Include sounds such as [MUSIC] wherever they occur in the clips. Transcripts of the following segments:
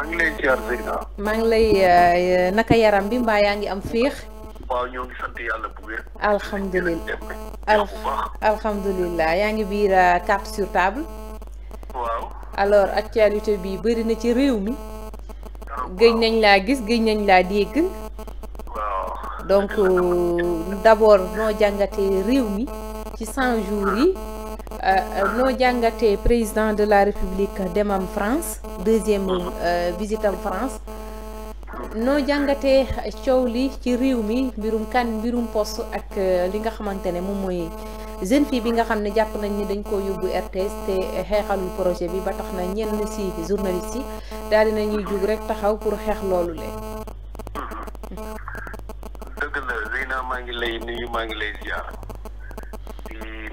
maa ngi lay ziar Zeyna. maa ngi lay euh, naka yaram bi mbaa yaa ngi am féex. waaw ñoo yaa ngi biir euh, carte sur table. waaw. alors actualité bi bëri na ci réew mi. Ah, gëj nañ laa gis gëj nañ laa dégg. waaw. donc euh, d' abord noo jàngatee réew mi ci 100 jours yi. Euh, euh, noo jàngatee président de la république demam France deuxième euh, visitam France noo jàngatee coow li ci réew mi mbirum kan mbirum post ak li nga xamante ne moom mooy jeune fille bi nga xam ne jàpp nañ ni dañ ko yóbbu RTS te xeexalul projet bi ba tax na ñenn ci journaliste yi daal dina ñuy jug rek taxaw pour xeex loolu le la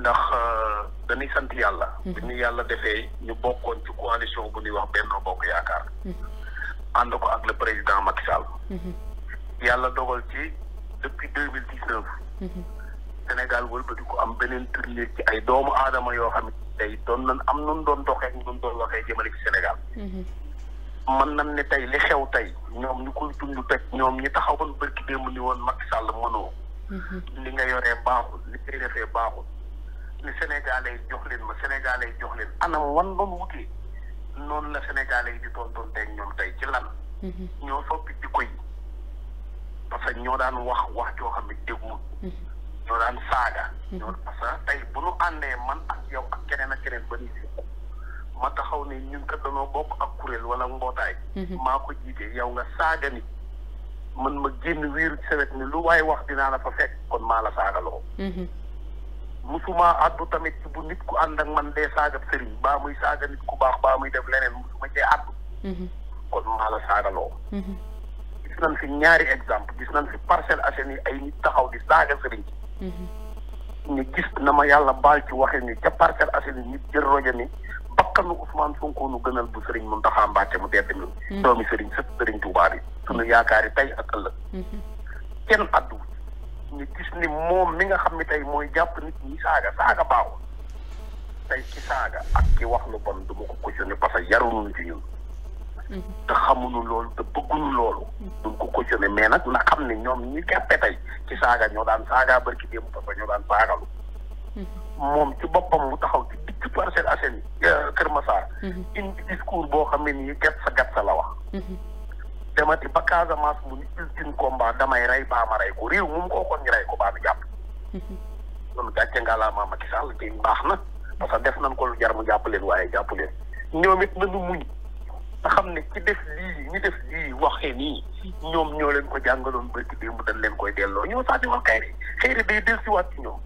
ndax euh, dañuy sant yàlla. Mm-hmm. bu ñu yàlla defee ñu bokkoon ci coalition bu ñuy wax Benno Bokk Yaakaar. Mm-hmm. ànd ko ak le président Macky Sall. Mm-hmm. yàlla dogal ci depuis deux mille dix neuf. Sénégal wëlbati ko am beneen tournée ci ay doomu aadama yoo xam ne tey doon nañ am nun doon doxee nun doon waxee jëmale ci Sénégal. mën nañ ne tey li xew tey ñoom ñu koy dund teg ñoom ñi taxawoon bërki démb ni woon Macky Sall mënoo. li nga yoree baaxul li ngay defee baaxul. li Sénégalais jox leen ma Sénégalais jox leen anam wan ba mu wutee noonu la Sénégalais yi di tontonteeg ñoom tey ci lan. Mhm. ñoo soppi jikko yi parce que ñoo daan wax wax joo xam ne déglu. Mhm. ñoo daan saaga. ñoo mhm. parce que tey bu nu àndee man ak yow ak keneen ak keneen ba nii ma taxaw ni ñun kat danoo bokk ak kuréel wala mbootaay. maa ko jiite yow nga saaga ni man ma génn wiiru ci sa ni lu waaye wax dinaa la fa fekk kon maa la saagaloo. musuma àddu tamit bu nit ku ànd ak man dee saaga sëriñ baa muy saaga nit ku baax baa muy def leneen musuma cee àddu mhm. kon maa la saagaloo mhm. gis nañ fi ñaari exemple gis nañ fi Parcelles Assainies yi ay nit taxaw di saaga sëriñ mhm. ñu gis na ma yàlla baal ci waxee ni ca Parcelles Assainies nit jël rojo ni bakkanu Ousmane Sonko nu gënal bu sëriñ Mountakha Mbacké mu tedd mi doomi sëriñ sëpp sëriñ Tuubaa bi sunu yaakaari tey ak ëllëg kenn àddu ñu gis ni moom mi nga xam ne tey mooy jàpp nit ñi saaga saaga baaxul tey ci saaga ak ki wax lu bon du ma ko cautionné parce que yaruñu ci ñun mm-hmm. te xamuñu loolu te bëgguñu loolu mm-hmm. duñ ko cautionné mais nag na xam ne ñoom ñi keppe tey ci saaga ñoo daan saaga démb parce que ñoo daan saagalu mm-hmm. moom ci boppam mu taxaw ci euh, Kër Massar indi discours boo xam ne nii sa sa la wax demati ba Casamance mu ni ultime combat damay rey baa ma rey ko réew mu mu ko waxoon ñu rey ko baa mi jàpp. [LAUGHS] loolu gàcce nga laa Macky Sall te na parce que def nañ ko lu jar mu jàpp leen waaye jàpp leen ñoom it nañu muñ nga xam ne ci def lii ñu def lii waxee nii ñoom ñoo leen ko jàngaloon bërki démb dañ leen koy delloo ñoo saa di wax kay ri xëy na ci ñoom.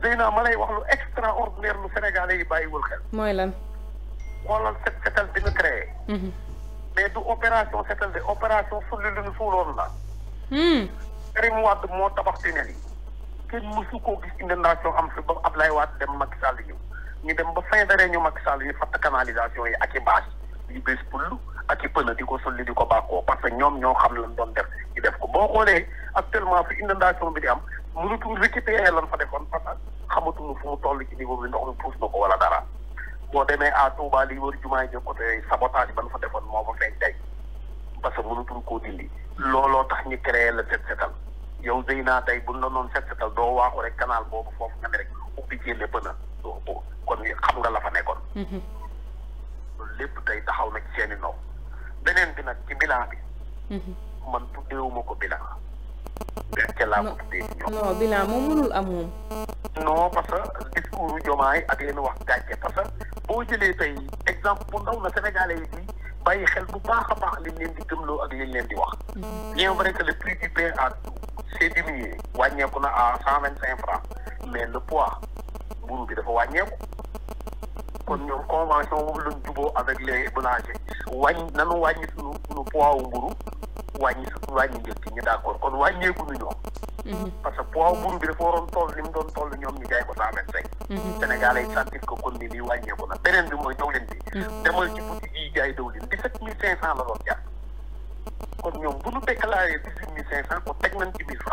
day [LAUGHS] naa ma lay wax lu extraordinaire lu Sénégalais yi bàyyiwul xel. mooy lan xoolal set setal bi nga créé. [LAUGHS] Mhm. mais du opération setal de opération sulli lu ñu suuloon la. Hmm. Karim Wade moo tabax tunnel yi. kenn mësu koo gis inondation am fi ba Ablaye Wade dem Macky Sall ñëw ñu dem ba fin de réunion Macky Sall ñu fatt canalisation yi ak i bâche yu bés pull ak i pëna di ko sulli di ko bàkkoo parce que ñoom ñoo xam lan doon def ñu def ko boo xoolee actuellement fi inondation bi di am mënatuñ récupérer lan fa defoon parce que xamatuñu fu mu toll ci niveau bi ndox mi puus ko wala. boo demee à Touba li wër jumaa ji côté sabotage ba nu fa defoon moo fa feeñ tey parce que mënutul koo dindi looloo tax ñu créé la set setal yow day naa tey bu ñu la noon set setal doo waaxu rek canal boobu foofu nga ne rek ubbi jénne bëna kon xam nga la fa nekkoon mhm. lépp tey taxaw na ci seeni noo beneen bi nag ci bilan bi mhm. man tuddeewuma ko bilan gàcce laa ko tuddee ci ñoom non moom mënul am moom non parce que discours u jomaay ak leen wax gàcce parce boo jëlee tey exemple bu ndaw la Sénégalais yi di bàyyi xel bu baax a baax li leen di gëmloo ak liñ leen di wax. ma vrai que le prix du pain a s'est diminué wàññeeku na à cent vingt cinq francs mais le poids mburu bi dafa wàññeeku. kon ñoom convention boobu lañ juboo avec les boulangers wàññi nanu wàññi suñu suñu poids wu mburu wàññi su wàññi njëg ñu d' accord kon wàññeeku ñu ñoom. Mhm. waaw mburu mm-hmm. bi dafa waroon toll ni mu doon toll ñoom ñu jaay ko cent vingt cinq mm-hmm. ay sentir que kon ni lii wàññeeku na beneen bi mooy dawlin bi mm-hmm. demal ci boutique yi jaay dawlin dix sept mille cinq la doon jar kon ñoom bu ñu déclaré dix huit mille cinq cent kon teg nañ ci mille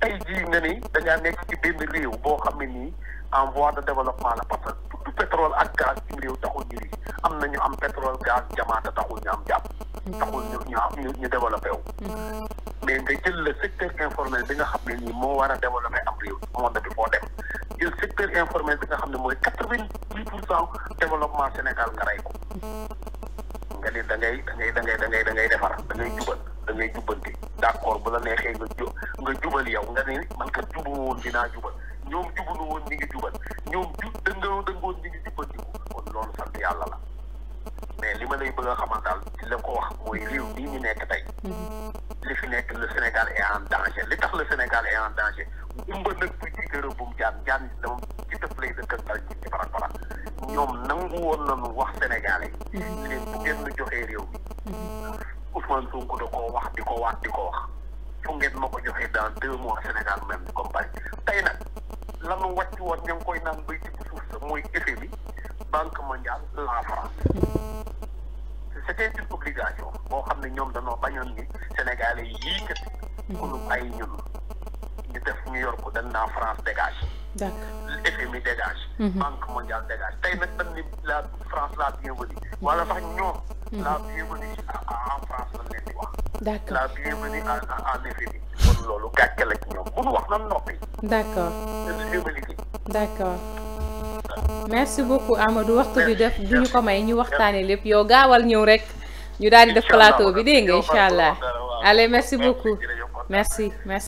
tey jii nga ni dangaa nekk ci benn réew boo xam ne nii en voie de développement la parce que pétrole ak gaz ci réew taxul ñu lii am na ñu am pétrole gaz jamaata taxul ñu am jàpp taxul ñu ñu am ñu développé wu mais nga jël la secteur informel bi nga xam ne nii moo war a développé am réew monde bi foo dem jël secteur informel bi nga xam ne mooy quatre-vingt-dix pour cent développement Sénégal nga rey ko nga ne da ngay da ngay da ngay da ngay da ngay defar da ngay jubal da ngay jubanti d'accord bu la neexee nga ju nga jubal yow nga ne man kat jubu woon dinaa jubal ñoom jubalu woon ñi ngi jubal ñoom dëngaloo dëngoo ñu ngi jëppandiku loolu sant yàlla la mais li ma lay bëgg a xamal daal ci la ko wax mooy réew nii ñu nekk tey li fi nekk le Sénégal est en danger li tax la Sénégal est en danger umba nag bu ci gërëm bu mu jaan jaan dama ci dëpp lay dëkk ak daal ci ci farak farak ñoom nangu woon nañu wax sénégalais leen bu ngeen joxee réew bi Ousmane Sonko da koo wax di ko waat di ko wax fu ngeen ma ko joxee dans deux mois Sénégal même di ko mbay tey nag lanu wàcc woon ña ngi koy naan bay mooy FMI banque mondiale la France c'était une obligation boo xam ne ñoom dañoo bañoon ni sénégalais yii kat kunu ay ñun ñu def ñu yor ko dañ naa France dégage FMI dégage mhm. banque mondiale dégage tey nag dañ ni la France la bienvenue wala sax ñoom mhm. la a a France lañ leen di wax la bienvenue en FMI kon loolu gàcce la ñoom bu ñu wax nan noppi d'accord d'accord merci beaucoup Amadou waxtu bi def du ñu ko may ñu waxtaanee lépp yoo gaawal ñëw rek ñu daal di def plateau bi dégg nga incha allah allez merci beaucoup merci merci.